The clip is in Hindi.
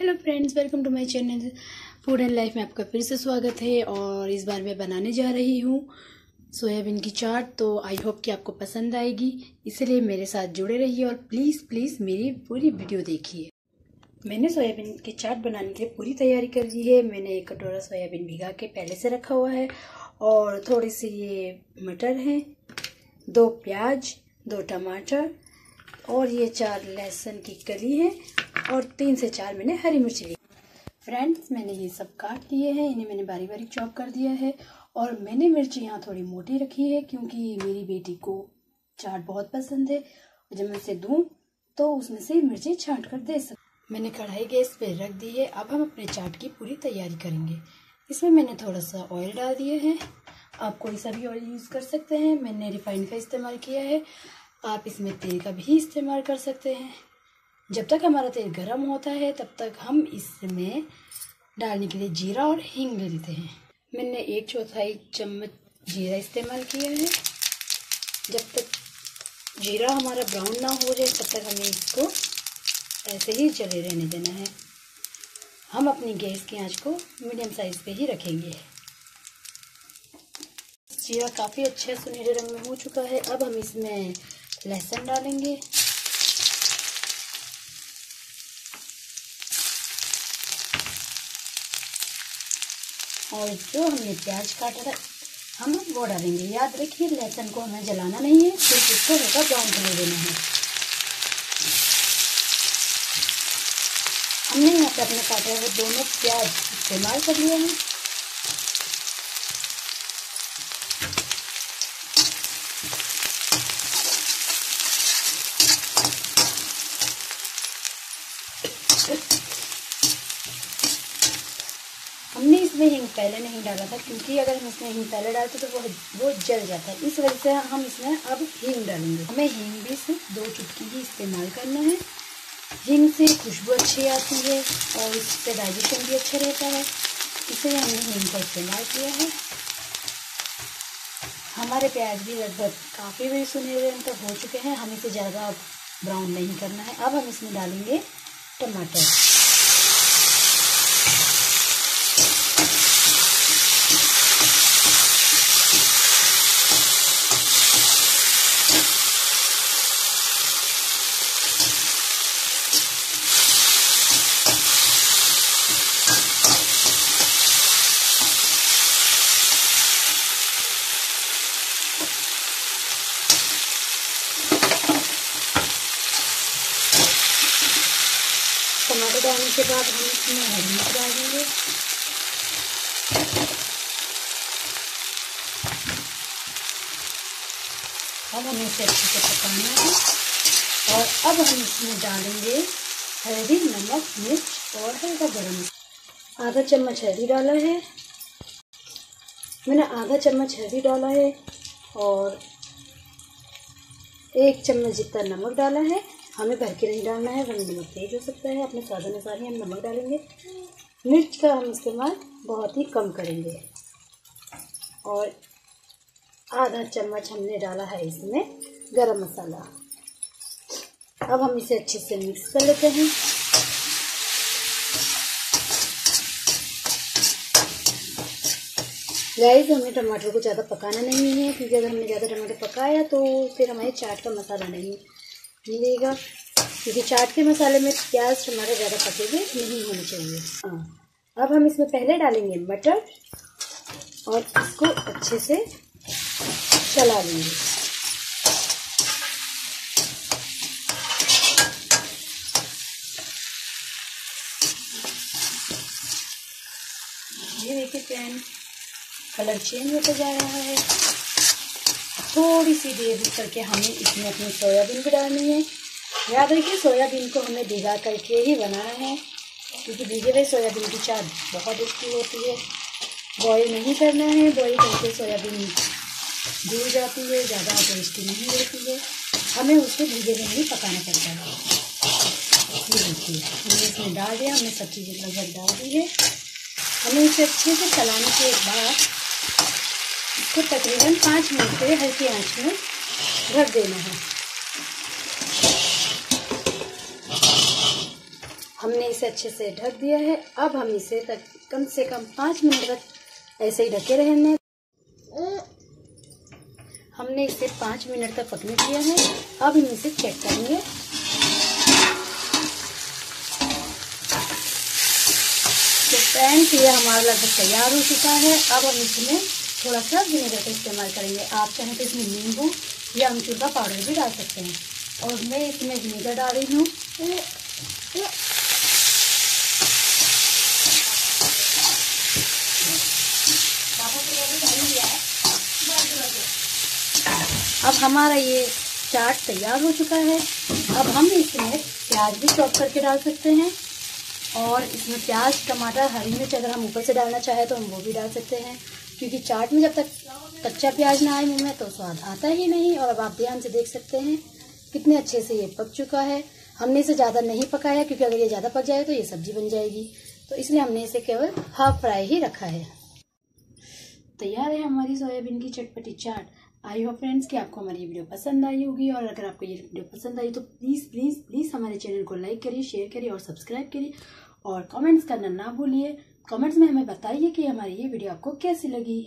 Hello friends welcome to my channel food and life में आपका फिर से स्वागत है और इस बार मैं बनाने जा रही हूँ सोयाबीन की चाट तो आई होप कि आपको पसंद आएगी इसलिए मेरे साथ जुड़े रहिए और प्लीज़ प्लीज़ मेरी पूरी वीडियो देखिए मैंने सोयाबीन की चाट बनाने के लिए पूरी तैयारी कर ली है मैंने एक कटोरा सोयाबीन भिगा के पहले से रखा हुआ है और थोड़े से ये मटर हैं दो प्याज दो टमाटर और ये चार लहसुन की कली है और तीन से चार मैंने हरी मिर्च ली फ्रेंड्स मैंने ये सब काट लिए हैं इन्हें मैंने बारी बारी चॉप कर दिया है और मैंने मिर्ची यहाँ थोड़ी मोटी रखी है क्योंकि मेरी बेटी को चाट बहुत पसंद है जब मैं उसे दूँ तो उसमें से मिर्ची छाट कर दे सक मैंने कढ़ाई गैस पे रख दी है अब हम अपने चाट की पूरी तैयारी करेंगे इसमें मैंने थोड़ा सा ऑयल डाल दिया है आप कोई सा भी ऑयल यूज़ कर सकते हैं मैंने रिफाइंड का इस्तेमाल किया है आप इसमें तेल का भी इस्तेमाल कर सकते हैं जब तक हमारा तेल गर्म होता है तब तक हम इसमें डालने के लिए जीरा और हींग ले लेते हैं मैंने एक चौथाई चम्मच जीरा इस्तेमाल किया है जब तक जीरा हमारा ब्राउन ना हो जाए तब तक हमें इसको ऐसे ही चले रहने देना है हम अपनी गैस की आंच को मीडियम साइज पे ही रखेंगे जीरा काफ़ी अच्छे सुनहरे रंग में हो चुका है अब हम इसमें लहसुन डालेंगे और जो हमने प्याज काटा था हम वो डालेंगे याद रखिए लहसुन को हमें जलाना नहीं है सिर्फ इसको हल्का ब्राउन कलर देना है हमने यहाँ पर अपने काटे हुए दोनों प्याज इस्तेमाल कर लिए हैं Good. इसमें हींग पहले नहीं डाला था क्योंकि अगर हम इसमें हींग पहले डालते तो वो वो जल जाता है इस वजह से हम इसमें अब हींग डालेंगे हमें हींग भी से दो चुटकी ही इस्तेमाल करना है हींग से खुशबू अच्छी आती है और इससे डाइजेशन भी अच्छा रहता है इसलिए हमने हींग का इस्तेमाल किया है हमारे प्याज भी लगभग काफ़ी बड़े सुनहरे रंग तक हो चुके हैं हम इसे ज़्यादा ब्राउन नहीं करना है अब हम इसमें डालेंगे टमाटर डालने के बाद हम इसमें हल्दी डालेंगे अब हमें इसे अच्छे से पकाना है और अब हम इसमें डालेंगे हल्दी नमक मिर्च और हल्का गर्म आधा चम्मच हल्दी डाला है मैंने आधा चम्मच हल्दी डाला है और एक चम्मच जितना नमक डाला है हमें भर के नहीं डालना है वन नमक तेज हो सकता है अपने स्वाद अनुसार ही हम नमक डालेंगे मिर्च का हम इस्तेमाल बहुत ही कम करेंगे और आधा चम्मच हमने डाला है इसमें गरम मसाला अब हम इसे अच्छे से मिक्स कर लेते हैं गैस हमें टमाटर को ज़्यादा पकाना नहीं है क्योंकि अगर हमने ज़्यादा टमाटर पकाया तो फिर हमारे चाट का मसाला नहीं मिलेगा क्योंकि चाट के मसाले में प्याज हमारे ज़्यादा पके हुए नहीं होने चाहिए हाँ अब हम इसमें पहले डालेंगे मटर और इसको अच्छे से चला लेंगे ये देखिए पैन कलर चेंज होता जा रहा है थोड़ी सी देर करके हमें इसमें अपनी सोयाबीन भी डालनी है याद रखिए सोयाबीन को हमें भिगा करके ही बनाना है क्योंकि भिगे हुए सोयाबीन की चाट बहुत अच्छी होती है बॉयल नहीं करना है बॉयल करके सोयाबीन घुल जाती है ज़्यादा टेस्टी नहीं होती है हमें उसको धीरे में ही पकाना पड़ता है हमने इसमें डाल दिया हमने सब चीज़ें लगभग डाल दी है हमें इसे अच्छे से चलाने के बाद इसको तकरीबन पाँच मिनट के लिए हल्की आंच में भर देना है हमने इसे अच्छे से ढक दिया है अब हम इसे तक कम से कम पाँच मिनट तक ऐसे ही ढके रहने हमने इसे पाँच मिनट तक पकने दिया है अब हम इसे चेक करेंगे तो फ्रेंड्स यह हमारा लगभग तैयार हो चुका है अब हम इसमें थोड़ा सा विनेगर का इस्तेमाल करेंगे आप चाहें तो इसमें नींबू या अमचूर का पाउडर भी डाल सकते हैं और मैं इसमें विनेगर डाल रही हूँ अब हमारा ये चाट तैयार हो चुका है अब हम इसमें प्याज भी चॉप करके डाल सकते हैं और इसमें प्याज टमाटर हरी मिर्च अगर हम ऊपर से डालना चाहें तो हम वो भी डाल सकते हैं क्योंकि चाट में जब तक कच्चा प्याज ना आए मुँह में तो स्वाद आता ही नहीं और अब आप ध्यान से देख सकते हैं कितने अच्छे से ये पक चुका है हमने इसे ज़्यादा नहीं पकाया क्योंकि अगर ये ज़्यादा पक जाए तो ये सब्जी बन जाएगी तो इसलिए हमने इसे केवल हाफ फ्राई ही रखा है तैयार है हमारी सोयाबीन की चटपटी चाट आई होप फ्रेंड्स कि आपको हमारी ये वीडियो पसंद आई होगी और अगर आपको ये वीडियो पसंद आई तो प्लीज़ प्लीज़ प्लीज़ हमारे चैनल को लाइक करिए शेयर करिए और सब्सक्राइब करिए और कमेंट्स करना ना भूलिए कमेंट्स में हमें बताइए कि हमारी ये वीडियो आपको कैसी लगी